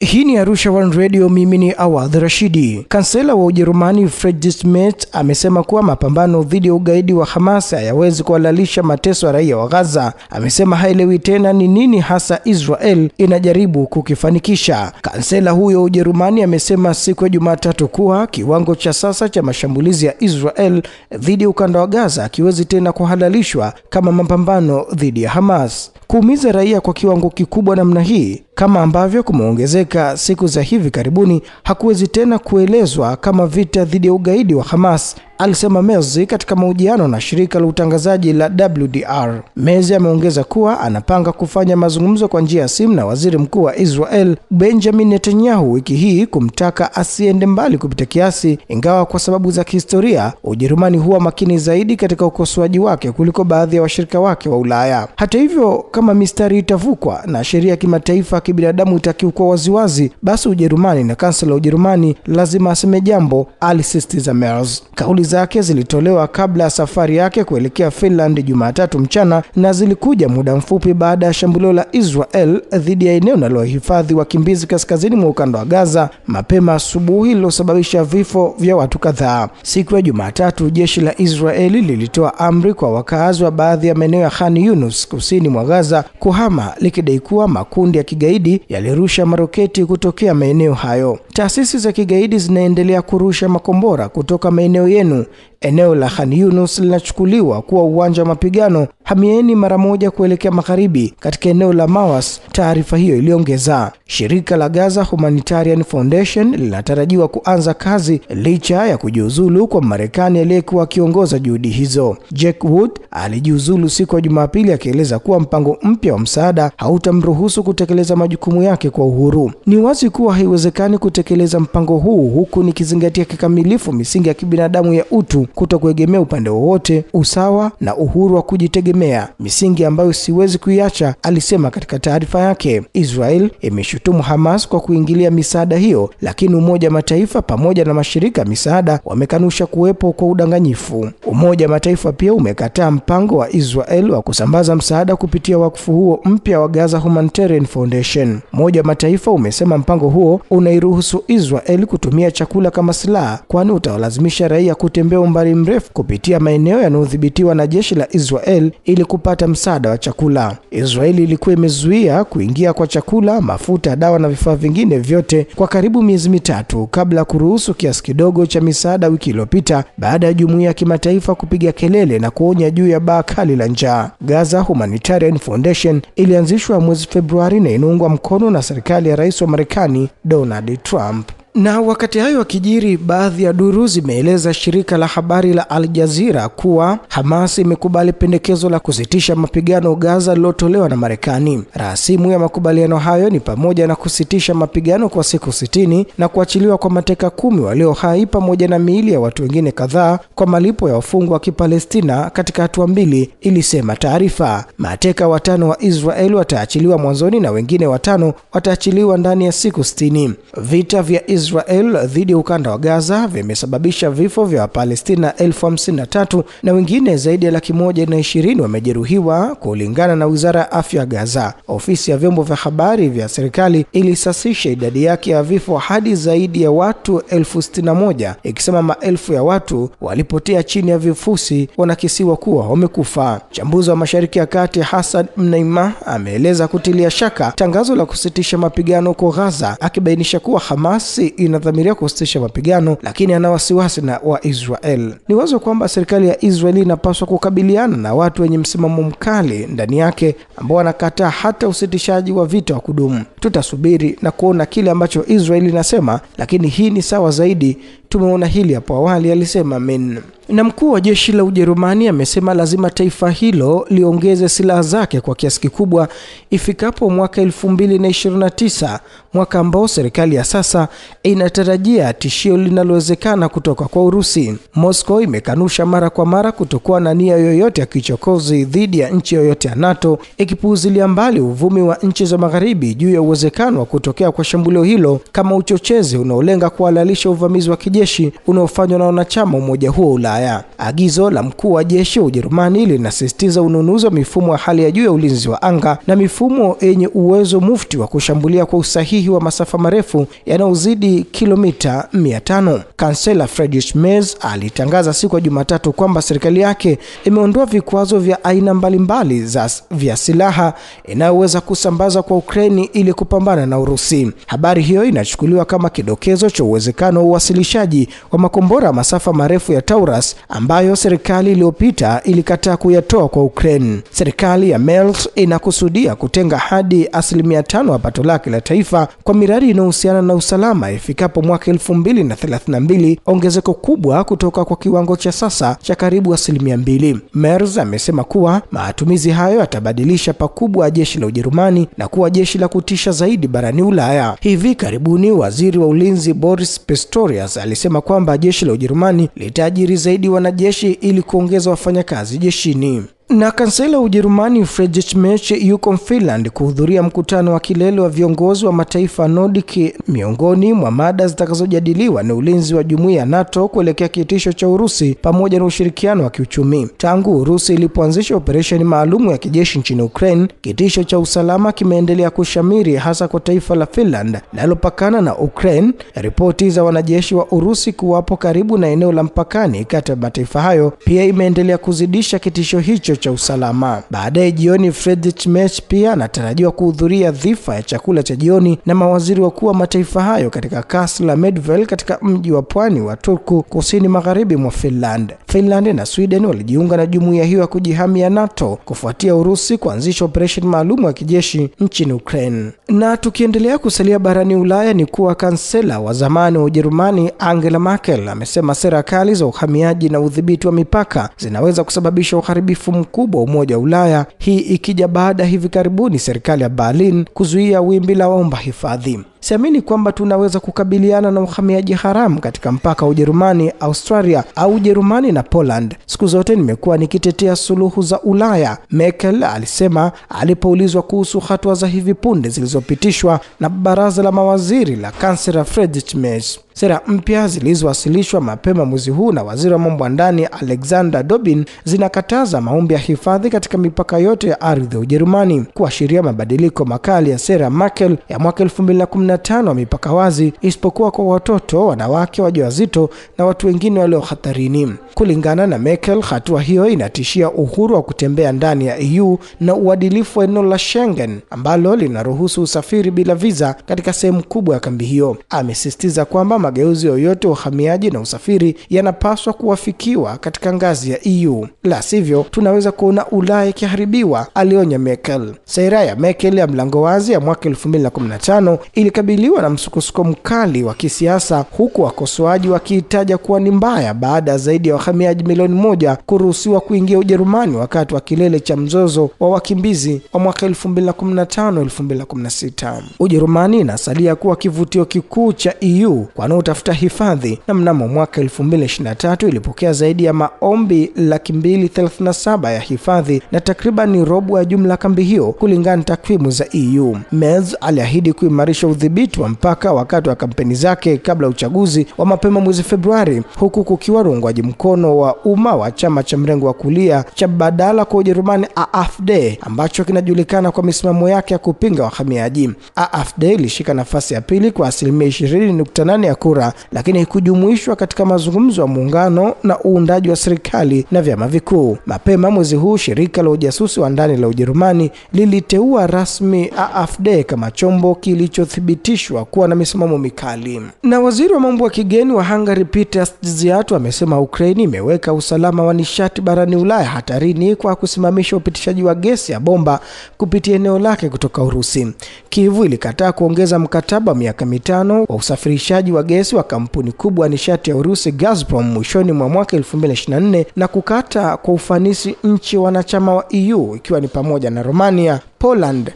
Hii ni Arusha One Radio, mimi ni Awadh Rashidi. Kansela wa Ujerumani Friedrich Merz amesema kuwa mapambano dhidi ya ugaidi wa Hamas hayawezi kuhalalisha mateso ya raia wa Gaza. Amesema haelewi tena ni nini hasa Israel inajaribu kukifanikisha. Kansela huyo wa Ujerumani amesema siku ya Jumatatu kuwa kiwango cha sasa cha mashambulizi ya Israel dhidi ya ukanda wa Gaza hakiwezi tena kuhalalishwa kama mapambano dhidi ya Hamas kuumiza raia kwa kiwango kikubwa namna hii kama ambavyo kumeongezeka siku za hivi karibuni hakuwezi tena kuelezwa kama vita dhidi ya ugaidi wa Hamas alisema Mezi katika mahojiano na shirika la utangazaji la WDR. Mezi ameongeza kuwa anapanga kufanya mazungumzo kwa njia ya simu na waziri mkuu wa Israel Benjamin Netanyahu wiki hii kumtaka asiende mbali kupita kiasi, ingawa kwa sababu za kihistoria Ujerumani huwa makini zaidi katika ukosoaji wake kuliko baadhi ya wa washirika wake wa Ulaya. Hata hivyo, kama mistari itavukwa na sheria ya kimataifa ya kibinadamu itakiukwa waziwazi, basi Ujerumani na kansela wa Ujerumani lazima aseme jambo, alisisitiza Merz. Kauli zake zilitolewa kabla ya safari yake kuelekea Finland Jumatatu mchana na zilikuja muda mfupi baada ya shambulio la Israel dhidi ya eneo linalohifadhi wakimbizi kaskazini mwa ukanda wa Gaza mapema asubuhi lililosababisha vifo vya watu kadhaa. Siku ya Jumatatu, jeshi la Israeli lilitoa amri kwa wakazi wa baadhi ya maeneo ya Khan Yunus kusini mwa Gaza kuhama, likidai kuwa makundi ya kigaidi yalirusha maroketi kutokea maeneo hayo. Taasisi za kigaidi zinaendelea kurusha makombora kutoka maeneo yenu Fragen Eneo la Khan Yunus linachukuliwa kuwa uwanja wa mapigano, hamieni mara moja kuelekea magharibi katika eneo la Mawas, taarifa hiyo iliongeza. Shirika la Gaza Humanitarian Foundation linatarajiwa kuanza kazi licha ya kujiuzulu kwa Marekani aliyekuwa akiongoza juhudi hizo. Jack Wood alijiuzulu siku ya Jumapili akieleza kuwa mpango mpya wa msaada hautamruhusu kutekeleza majukumu yake kwa uhuru. Ni wazi kuwa haiwezekani kutekeleza mpango huu huku nikizingatia kikamilifu misingi ya kibinadamu ya utu kutokuegemea kuegemea upande wowote, usawa na uhuru wa kujitegemea, misingi ambayo siwezi kuiacha, alisema katika taarifa yake. Israel imeshutumu Hamas kwa kuingilia misaada hiyo, lakini Umoja wa Mataifa pamoja na mashirika ya misaada wamekanusha kuwepo kwa udanganyifu. Umoja wa Mataifa pia umekataa mpango wa Israel wa kusambaza msaada kupitia wakfu huo mpya wa Gaza Humanitarian Foundation. Umoja wa Mataifa umesema mpango huo unairuhusu Israel kutumia chakula kama silaha, kwani utawalazimisha raia kutembea umbali mrefu kupitia maeneo yanayodhibitiwa na jeshi la Israel ili kupata msaada wa chakula. Israeli ilikuwa imezuia kuingia kwa chakula, mafuta, dawa na vifaa vingine vyote kwa karibu miezi mitatu kabla ya kuruhusu kiasi kidogo cha misaada wiki iliyopita baada ya jumuiya ya kimataifa kupiga kelele na kuonya juu ya baa kali la njaa. Gaza Humanitarian Foundation ilianzishwa mwezi Februari na inaungwa mkono na serikali ya Rais wa Marekani Donald Trump. Na wakati hayo wakijiri baadhi ya duru zimeeleza shirika la habari la Al Jazeera kuwa Hamas imekubali pendekezo la kusitisha mapigano Gaza lilotolewa na Marekani. Rasimu ya makubaliano hayo ni pamoja na kusitisha mapigano kwa siku sitini na kuachiliwa kwa mateka kumi walio hai pamoja na miili ya watu wengine kadhaa kwa malipo ya wafungwa wa Kipalestina katika hatua mbili, ilisema taarifa. Mateka watano wa israel wataachiliwa mwanzoni na wengine watano wataachiliwa ndani ya siku sitini. Vita vya Israel Israel dhidi ya ukanda wa Gaza vimesababisha vifo vya Wapalestina elfu hamsini na tatu na wengine zaidi ya laki moja na ishirini wamejeruhiwa kulingana na Wizara ya Afya Gaza. Ofisi ya vyombo vya habari vya serikali ilisasisha idadi yake ya vifo hadi zaidi ya watu elfu sitini na moja ikisema maelfu ya watu walipotea chini ya vifusi wanakisiwa kuwa wamekufa. Mchambuzi wa Mashariki ya Kati Hassan Mnaima ameeleza kutilia shaka tangazo la kusitisha mapigano kwa Gaza akibainisha kuwa Hamasi inadhamiria kusitisha mapigano, lakini ana wasiwasi na Waisrael. Ni wazo kwamba serikali ya Israeli inapaswa kukabiliana na watu wenye msimamo mkali ndani yake ambao wanakataa hata usitishaji wa vita wa kudumu. Tutasubiri na kuona kile ambacho Israeli inasema, lakini hii ni sawa zaidi. Tumeona hili hapo awali, alisema Amin. Na mkuu wa jeshi la Ujerumani amesema lazima taifa hilo liongeze silaha zake kwa kiasi kikubwa ifikapo mwaka 2029, mwaka ambao serikali ya sasa inatarajia tishio linalowezekana kutoka kwa Urusi. Moscow imekanusha mara kwa mara kutokuwa na nia yoyote ya kichokozi dhidi ya nchi yoyote ya NATO, ikipuuzilia mbali uvumi wa nchi za magharibi juu ya uwezekano wa kutokea kwa shambulio hilo kama uchochezi unaolenga kuhalalisha uvamizi wa kijeshi unaofanywa na wanachama umoja huo Ulaya. Ulaya. Agizo la mkuu wa jeshi wa Ujerumani linasisitiza ununuzi wa mifumo ya hali ya juu ya ulinzi wa anga na mifumo yenye uwezo mufti wa kushambulia kwa usahihi wa masafa marefu yanayozidi kilomita 500. Kansela Friedrich Merz alitangaza siku ya Jumatatu kwamba serikali yake imeondoa vikwazo vya aina mbalimbali za vya silaha inayoweza kusambaza kwa Ukraini ili kupambana na Urusi. Habari hiyo inachukuliwa kama kidokezo cha uwezekano wa uwasilishaji wa makombora masafa marefu ya Taurus Donbas ambayo serikali iliyopita ilikataa kuyatoa kwa Ukraine. Serikali ya Merz inakusudia kutenga hadi asilimia tano ya pato lake la taifa kwa miradi inayohusiana na usalama ifikapo mwaka 2032, ongezeko kubwa kutoka kwa kiwango cha sasa cha karibu asilimia mbili. Merz amesema kuwa matumizi hayo yatabadilisha pakubwa jeshi la Ujerumani na kuwa jeshi la kutisha zaidi barani Ulaya. Hivi karibuni, waziri wa ulinzi Boris Pistorius alisema kwamba jeshi la Ujerumani litaajiri zaidi zaidi wanajeshi ili kuongeza wafanyakazi jeshini. Na kansela wa Ujerumani Friedrich Merz yuko Finland kuhudhuria mkutano wa kilele wa viongozi wa mataifa Nordic. Miongoni mwa mada zitakazojadiliwa ni ulinzi wa jumuiya ya NATO kuelekea kitisho cha Urusi pamoja na ushirikiano wa kiuchumi. Tangu Urusi ilipoanzisha operesheni maalumu ya kijeshi nchini Ukraine, kitisho cha usalama kimeendelea kushamiri hasa kwa taifa la Finland linalopakana na Ukraine. Ripoti za wanajeshi wa Urusi kuwapo karibu na eneo la mpakani kati ya mataifa hayo pia imeendelea kuzidisha kitisho hicho cha usalama. Baadaye jioni, Friedrich Merz pia anatarajiwa kuhudhuria dhifa ya chakula cha jioni na mawaziri wakuu wa mataifa hayo katika kasri la Medvel katika mji wa pwani wa Turku kusini magharibi mwa Finland. Finland na Sweden walijiunga na jumuiya hiyo ya kujihami ya NATO kufuatia Urusi kuanzisha operesheni maalum ya kijeshi nchini Ukraine. Na tukiendelea kusalia barani Ulaya ni kuwa kansela wa zamani wa Ujerumani Angela Merkel amesema serikali za uhamiaji na udhibiti wa mipaka zinaweza kusababisha uharibifu mkubwa wa Umoja wa Ulaya, hii ikija baada ya hivi karibuni serikali ya Berlin kuzuia wimbi la waomba hifadhi. Siamini kwamba tunaweza kukabiliana na uhamiaji haramu katika mpaka wa Ujerumani, Australia au Ujerumani na Poland. Siku zote nimekuwa nikitetea suluhu za Ulaya, Merkel alisema alipoulizwa kuhusu hatua za hivi punde zilizopitishwa na baraza la mawaziri la kansela Friedrich Merz. Sera mpya zilizowasilishwa mapema mwezi huu na waziri wa mambo ya ndani Alexander Dobin zinakataza maombi ya hifadhi katika mipaka yote ya ardhi ya Ujerumani, kuashiria mabadiliko makali ya sera Merkel ya mwaka 2015 wa mipaka wazi, isipokuwa kwa watoto, wanawake wajawazito na watu wengine walio hatarini. Kulingana na Merkel, hatua hiyo inatishia uhuru wa kutembea ndani ya EU na uadilifu wa eneo la Schengen ambalo linaruhusu usafiri bila visa katika sehemu kubwa ya kambi hiyo. Amesisitiza kwamba mageuzi yoyote uhamiaji na usafiri yanapaswa kuwafikiwa katika ngazi ya EU, la sivyo tunaweza kuona Ulaya ikiharibiwa, alionya Merkel. Sera ya Merkel ya mlango wazi ya mwaka 2015 ilikabiliwa na msukosuko mkali wa kisiasa, huku wakosoaji wakiitaja kuwa ni mbaya baada ya zaidi ya wahamiaji milioni moja kuruhusiwa kuingia Ujerumani wakati wa kilele cha mzozo wa wakimbizi wa mwaka 2015-2016. Ujerumani inasalia kuwa kivutio kikuu cha EU kwa wanaotafuta hifadhi, na mnamo mwaka 2023 ilipokea zaidi ya maombi laki mbili saba ya hifadhi na takriban robo ya jumla ya kambi hiyo, kulingana na takwimu za EU. Mez aliahidi kuimarisha udhibiti wa mpaka wakati wa kampeni zake kabla ya uchaguzi wa mapema mwezi Februari, huku kukiwa rungwaji mkono wa umma wa chama cha mrengo wa kulia cha badala kwa Ujerumani AfD ambacho kinajulikana kwa misimamo yake ya kupinga wahamiaji. AfD ilishika nafasi ya pili kwa asilimia 20.8 ya kura, lakini haikujumuishwa katika mazungumzo ya muungano na uundaji wa serikali na vyama vikuu. Mapema mwezi huu shirika la ujasusi wa ndani la Ujerumani liliteua rasmi AfD kama chombo kilichothibitishwa kuwa na misimamo mikali. Na waziri wa mambo ya kigeni wa Hungary Peter Szijjarto amesema Ukraini imeweka usalama wa nishati barani Ulaya hatarini kwa kusimamisha upitishaji wa gesi ya bomba kupitia eneo lake kutoka Urusi. kivu ilikataa kuongeza mkataba wa miaka mitano wa usafirishaji wa gesi gesi wa kampuni kubwa nishati ya Urusi Gazprom mwishoni mwa mwaka 2024 na kukata kwa ufanisi nchi wanachama wa EU ikiwa ni pamoja na Romania, Poland,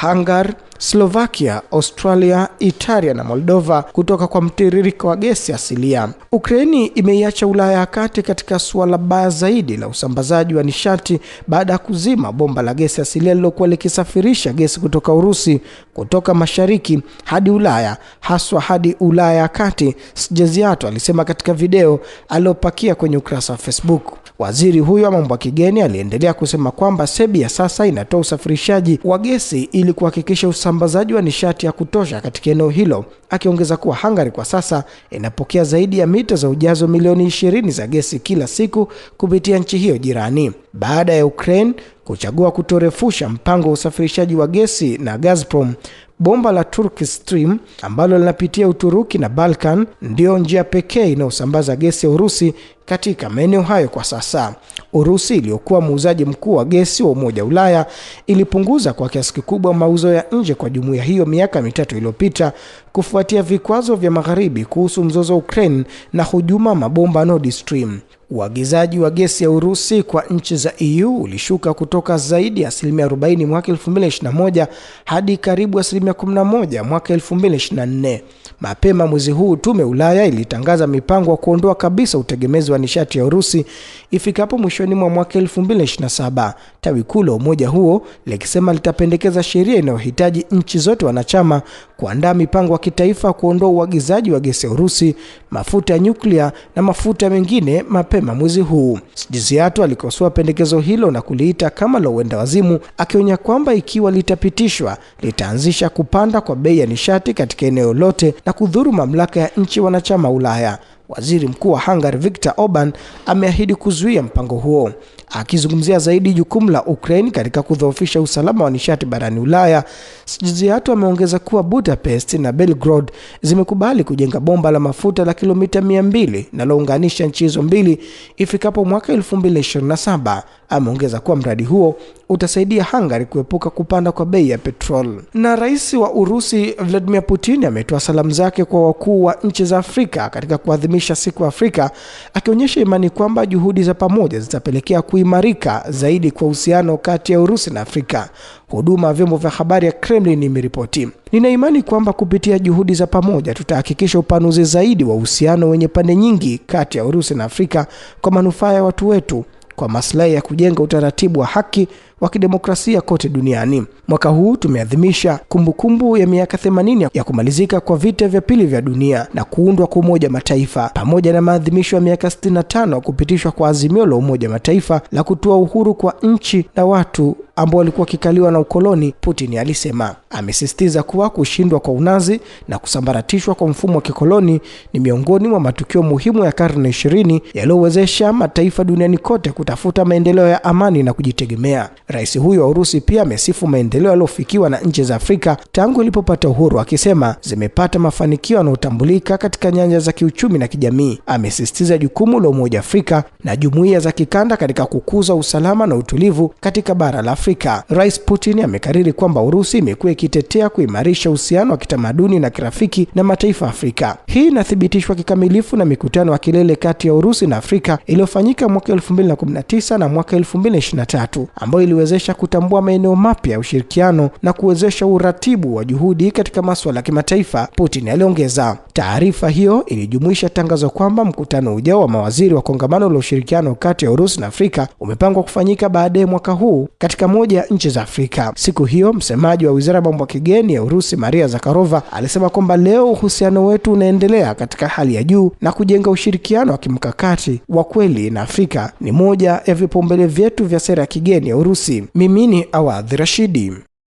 Hungary, Slovakia, Australia, Italia na Moldova kutoka kwa mtiririko wa gesi asilia. Ukraini imeiacha Ulaya ya kati katika suala baya zaidi la usambazaji wa nishati baada ya kuzima bomba la gesi asilia lilokuwa likisafirisha gesi kutoka Urusi kutoka mashariki hadi Ulaya, haswa hadi Ulaya ya kati, sjeziato alisema katika video aliyopakia kwenye ukurasa wa Facebook. Waziri huyo wa mambo ya kigeni aliendelea kusema kwamba Serbia sasa inatoa usafirishaji wa gesi ili kuhakikisha usambazaji wa nishati ya kutosha katika eneo hilo, akiongeza kuwa Hungary kwa sasa inapokea zaidi ya mita za ujazo milioni ishirini za gesi kila siku kupitia nchi hiyo jirani baada ya Ukraine kuchagua kutorefusha mpango wa usafirishaji wa gesi na Gazprom bomba la Turk Stream ambalo linapitia Uturuki na Balkan ndiyo njia pekee inayosambaza gesi ya Urusi katika maeneo hayo kwa sasa. Urusi iliyokuwa muuzaji mkuu wa gesi wa Umoja wa Ulaya ilipunguza kwa kiasi kikubwa mauzo ya nje kwa jumuiya hiyo miaka mitatu iliyopita kufuatia vikwazo vya Magharibi kuhusu mzozo wa Ukraine na hujuma mabomba Nord Stream. Uagizaji wa gesi ya Urusi kwa nchi za EU ulishuka kutoka zaidi ya asilimia 40 mwaka 2021 hadi karibu asilimia 11 mwaka 2024. Mapema mwezi huu tume Ulaya ilitangaza mipango ya kuondoa kabisa utegemezi wa nishati ya Urusi ifikapo mwishoni mwa mwaka 2027, tawi kuu la umoja huo likisema litapendekeza sheria inayohitaji nchi zote wanachama kuandaa mipango ya kitaifa kuondoa uagizaji wa gesi ya Urusi, mafuta ya nyuklia na mafuta mengine mapema mapema mwezi huu. Sjiziato alikosoa pendekezo hilo na kuliita kama la uenda wazimu, akionya kwamba ikiwa litapitishwa litaanzisha kupanda kwa bei ya nishati katika eneo lote na kudhuru mamlaka ya nchi wanachama Ulaya. Waziri Mkuu wa Hungary Viktor Orban ameahidi kuzuia mpango huo. Akizungumzia zaidi jukumu la Ukraine katika kudhoofisha usalama wa nishati barani Ulaya, Sjiziato ameongeza kuwa Budapest na Belgrade zimekubali kujenga bomba la mafuta la kilomita 200 linalounganisha nchi hizo mbili ifikapo mwaka 2027. Ameongeza kuwa mradi huo utasaidia Hungary kuepuka kupanda kwa bei ya petrol. Na rais wa Urusi Vladimir Putin ametoa salamu zake kwa wakuu wa nchi za Afrika katika kuadhimisha kuadhimisha siku Afrika, akionyesha imani kwamba juhudi za pamoja zitapelekea kuimarika zaidi kwa uhusiano kati ya Urusi na Afrika. Huduma ya vyombo vya habari ya Kremlin imeripoti, nina imani kwamba kupitia juhudi za pamoja tutahakikisha upanuzi zaidi wa uhusiano wenye pande nyingi kati ya Urusi na Afrika kwa manufaa ya watu wetu, kwa maslahi ya kujenga utaratibu wa haki wa kidemokrasia kote duniani. Mwaka huu tumeadhimisha kumbukumbu ya miaka 80 ya kumalizika kwa vita vya pili vya dunia na kuundwa kwa Umoja Mataifa pamoja na maadhimisho ya miaka 65 kupitishwa kwa azimio la Umoja Mataifa la kutoa uhuru kwa nchi na watu ambao walikuwa wakikaliwa na ukoloni, Putin alisema. Amesisitiza kuwa kushindwa kwa unazi na kusambaratishwa kwa mfumo wa kikoloni ni miongoni mwa matukio muhimu ya karne 20 yaliyowezesha mataifa duniani kote kutafuta maendeleo ya amani na kujitegemea. Rais huyo wa Urusi pia amesifu maendeleo yaliyofikiwa na nchi za Afrika tangu ilipopata uhuru, akisema zimepata mafanikio yanayotambulika katika nyanja za kiuchumi na kijamii. Amesisitiza jukumu la Umoja Afrika na jumuiya za kikanda katika kukuza usalama na utulivu katika bara la Afrika. Rais Putin amekariri kwamba Urusi imekuwa ikitetea kuimarisha uhusiano wa kitamaduni na kirafiki na mataifa Afrika. Hii inathibitishwa kikamilifu na mikutano ya kilele kati ya Urusi na Afrika iliyofanyika mwaka 2019 na mwaka 2023 ambayo itatuwezesha kutambua maeneo mapya ya ushirikiano na kuwezesha uratibu wa juhudi katika masuala ya kimataifa, Putin aliongeza. Taarifa hiyo ilijumuisha tangazo kwamba mkutano ujao wa mawaziri wa kongamano la ushirikiano kati ya Urusi na Afrika umepangwa kufanyika baadaye mwaka huu katika moja ya nchi za Afrika. Siku hiyo, msemaji wa wizara ya mambo ya kigeni ya Urusi Maria Zakharova alisema kwamba leo uhusiano wetu unaendelea katika hali ya juu na kujenga ushirikiano wa kimkakati wa kweli na Afrika ni moja ya vipaumbele vyetu vya sera ya kigeni ya Urusi mimi ni Awadhi Rashidi.